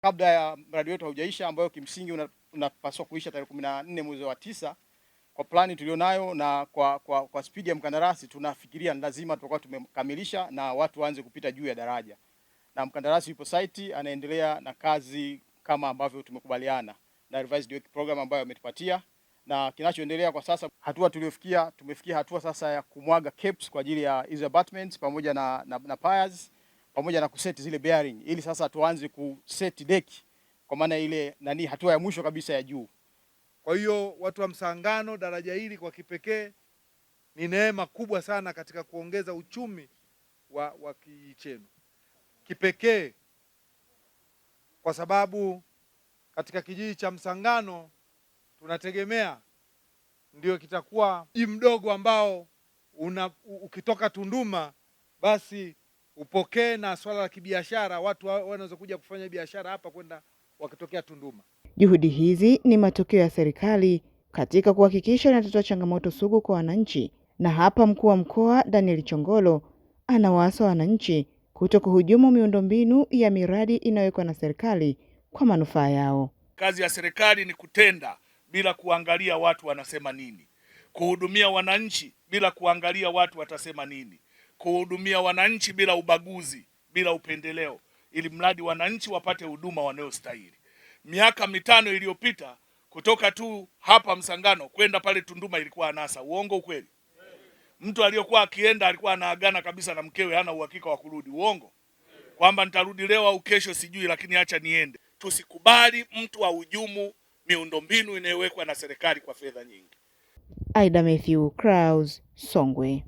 kabla ya mradi wetu haujaisha, ambayo kimsingi unapaswa una kuisha tarehe kumi na nne mwezi wa tisa. Kwa plani tulionayo na kwa, kwa, kwa spidi ya mkandarasi tunafikiria lazima tutakuwa tumekamilisha na watu waanze kupita juu ya daraja, na mkandarasi yupo site anaendelea na kazi kama ambavyo tumekubaliana na revised work program ambayo ametupatia, na kinachoendelea kwa sasa, hatua tuliofikia, tumefikia hatua sasa ya kumwaga caps kwa ajili ya hizo abutments pamoja na, na, na piers pamoja na kuseti zile bearing, ili sasa tuanze kuseti deki kwa maana ile nani, hatua ya mwisho kabisa ya juu. Kwa hiyo watu wa Msangano, daraja hili kwa kipekee ni neema kubwa sana katika kuongeza uchumi wa, wa kijiji chenu kipekee, kwa sababu katika kijiji cha Msangano tunategemea ndio kitakuwa mji mdogo ambao una, ukitoka Tunduma basi upokee na swala la kibiashara, watu wanaweza kuja kufanya biashara hapa kwenda wakitokea Tunduma. Juhudi hizi ni matokeo ya serikali katika kuhakikisha inatatua changamoto sugu kwa wananchi, na hapa mkuu wa mkoa Daniel Chongolo anawaasa wananchi kuto kuhujumu miundombinu ya miradi inayowekwa na serikali kwa manufaa yao. Kazi ya serikali ni kutenda bila kuangalia watu wanasema nini, kuhudumia wananchi bila kuangalia watu watasema nini kuhudumia wananchi bila ubaguzi, bila upendeleo, ili mradi wananchi wapate huduma wanayostahili. Miaka mitano iliyopita kutoka tu hapa Msangano kwenda pale Tunduma ilikuwa anasa. Uongo ukweli? Mtu aliyokuwa akienda alikuwa anaagana kabisa na mkewe, hana uhakika wa kurudi. Uongo kwamba nitarudi leo au kesho sijui, lakini acha niende. Tusikubali mtu ahujumu miundombinu inayowekwa na serikali kwa fedha nyingi. Aida Matthew Clouds, Songwe.